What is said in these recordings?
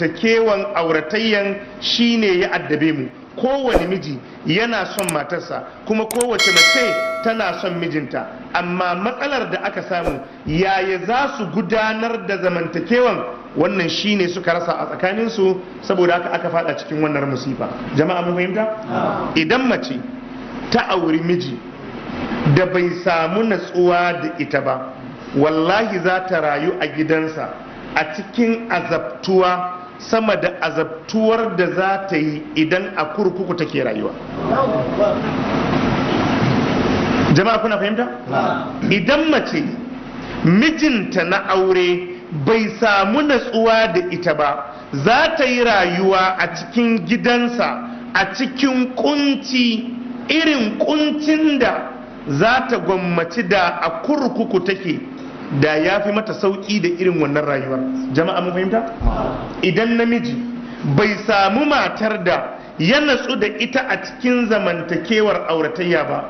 zamantakewan auratayyan shine ya addabe mu kowane miji yana son matarsa kuma kowace mace tana son mijinta amma matsalar da aka samu yaya za su gudanar da zamantakewan wannan shine suka rasa a tsakaninsu saboda haka aka fada cikin wannan musifa jama'a mun fahimta idan mace ta auri miji da bai samu natsuwa da ita ba wallahi za ta rayu a gidansa a cikin azabtuwa sama da azabtuwar da za ta yi idan a kurkuku take rayuwa jama'a kuna fahimta idan mace mijinta na aure bai samu natsuwa da ita ba za ta yi rayuwa a cikin gidansa a cikin kunci irin kuncin da za ta gwammaci da a kurkuku take da ya fi mata sauƙi da irin wannan rayuwar jama'a mun fahimta idan namiji bai samu matar da ya natsu da ita a cikin zamantakewar auratayya ba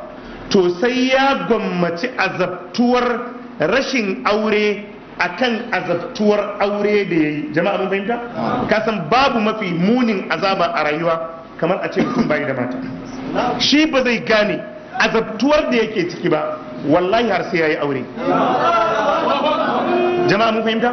to sai ya gwammaci azabtuwar rashin aure a kan azabtuwar aure da ya yi jama'a mun fahimta kasan babu mafi munin azaba a rayuwa kamar a ce mutum bai da mata shi ba zai gane azabtuwar da yake ciki ba wallahi har sai ya yi aure jama'a mun fahimta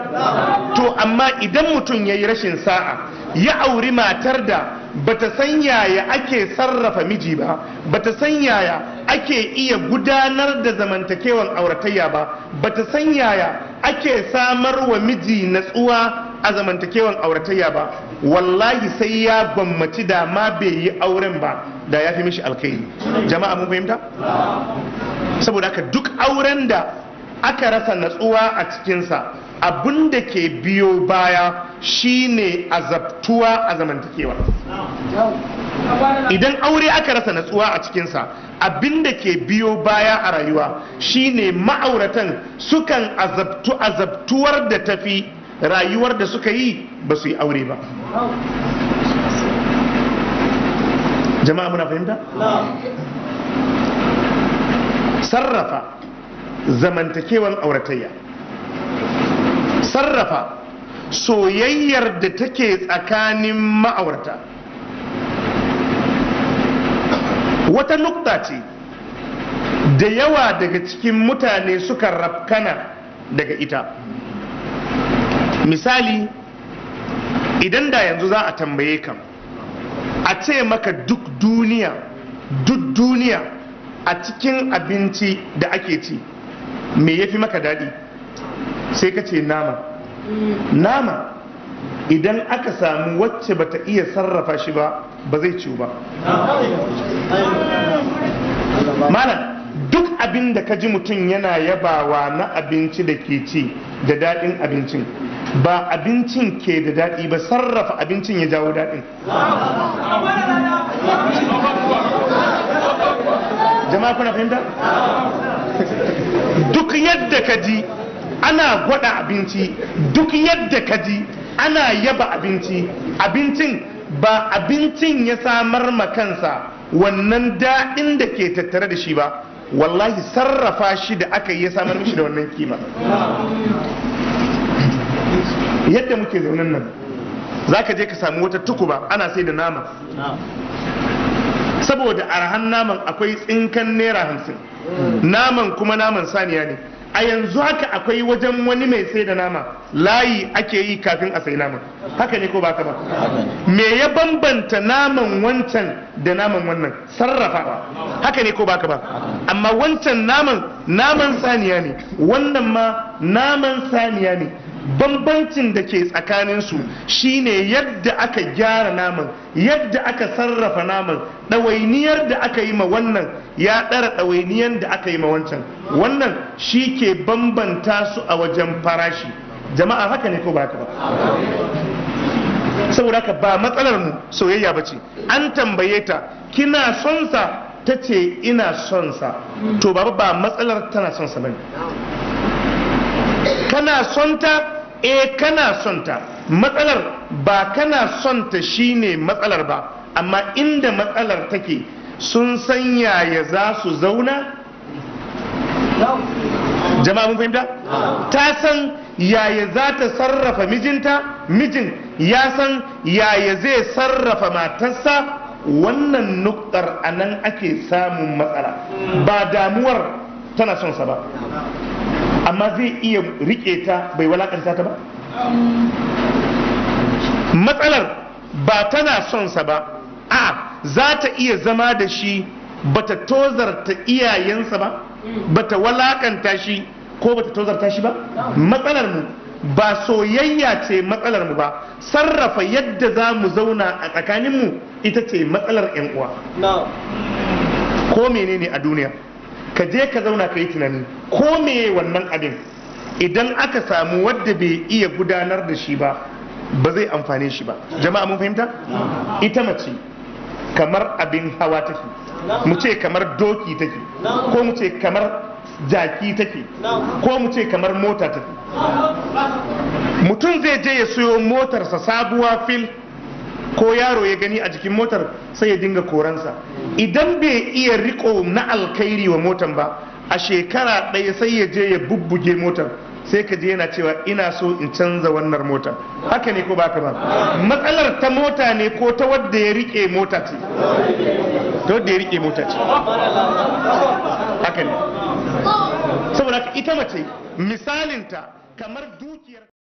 to amma idan mutum yayi rashin sa'a ya auri matar da bata san yaya ake sarrafa miji ba bata san yaya ake iya gudanar da zamantakewan auratayya ba bata san yaya ake samar wa miji natsuwa a zamantakewan auratayya ba wallahi sai ya gwammaci da ma bai yi auren ba da ya fi mishi alkai jama'a mun fahimta saboda haka duk auren da aka rasa natsuwa a cikinsa abin da ke biyo baya shine azabtuwa a zamantakewa idan aure aka rasa natsuwa a cikinsa abin da ke biyo baya a rayuwa shine ma'auratan sukan azabtu azabtuwar da tafi rayuwar da suka yi ba su yi aure ba jama'a muna fahimta sarrafa zamantakewan auratayya sarrafa soyayyar da take tsakanin ma'aurata wata nukta ce da yawa daga cikin mutane suka rafkana daga ita misali idan da yanzu za a tambaye ka a ce maka duk duniya duk duniya a cikin abinci da ake ci me ya fi maka daɗi sai ka ce nama nama idan aka samu wacce ba ta iya sarrafa shi ba ba zai ciwu ba malam duk abin da ka ji mutum yana yabawa na abinci da ke ci da daɗin abincin ba abincin ke da daɗi ba sarrafa abincin ya jawo daɗin jama'a kuna fahimta? duk yadda ka ji ana gwada abinci duk yadda ka ji ana yaba abinci abincin ba abincin ya samar ma kansa wannan daɗin da ke tattare da shi ba wallahi sarrafa shi da aka yi ya samar mishi da wannan kima yadda muke zaunan nan za ka je ka sami wata tukuba ana sai da nama saboda arhan naman akwai tsinkan naira hamsin naman kuma naman saniya ne a yanzu haka akwai wajen wani mai sai da nama layi ake yi kafin a sai naman haka ne ko ba ba me ya bambanta naman wancan da naman wannan sarrafawa haka ne ko ba ba amma wancan naman naman saniya ne wannan ma naman saniya ne bambancin da ke tsakaninsu shine yadda aka gyara naman yadda aka sarrafa naman ɗawainiyar da aka yi ma wannan ya ɗara ɗawainiyar da aka yi ma wancan wannan shi ke bambanta su a wajen farashi jama'a haka ne ko ba ka ba saboda haka ba matsalar mu soyayya ba ce an tambaye ta kina son sa ta ce ina son sa to baba ba matsalar tana son sa bane kana son ta e kana sonta matsalar ba kana sonta shine matsalar ba amma inda matsalar take sun sanya ya za su zauna jama'a mun fahimta ta san yaya za ta sarrafa mijinta mijin ya san yaya zai sarrafa matarsa wannan nuktar anan ake samun matsala ba damuwar tana son sa ba amma zai iya rike ta bai walakanta ta ba matsalar ba tana son sa ba a za ta iya zama da shi bata tozarta iyayensa ba bata walakanta shi ko bata tozarta shi ba matsalar mu ba soyayya ce matsalar mu ba sarrafa yadda za mu zauna a tsakaninmu ita ce matsalar 'yan uwa ko menene a duniya ka je ka zauna ka yi tunani ko meye wannan abin idan aka samu wadda bai iya gudanar da shi ba ba zai amfane shi ba jama'a mun fahimta ita mace kamar abin hawa take mu ce kamar doki take ko mu ce kamar jaki take ko mu ce kamar mota take mutum zai je ya siyo motarsa sabuwa fil ko yaro ya gani a jikin motar sai ya dinga koransa idan bai iya riko na alkhairi wa motar ba a shekara ɗaya sai ya je ya bubbuge motar sai ka je yana cewa ina so in canza wannan mota haka ne ko ba ka ba matsalar ta mota ne ko ta wadda ya rike mota ce ta wadda ya rike mota ce haka ne saboda ita mace misalinta kamar dukiyar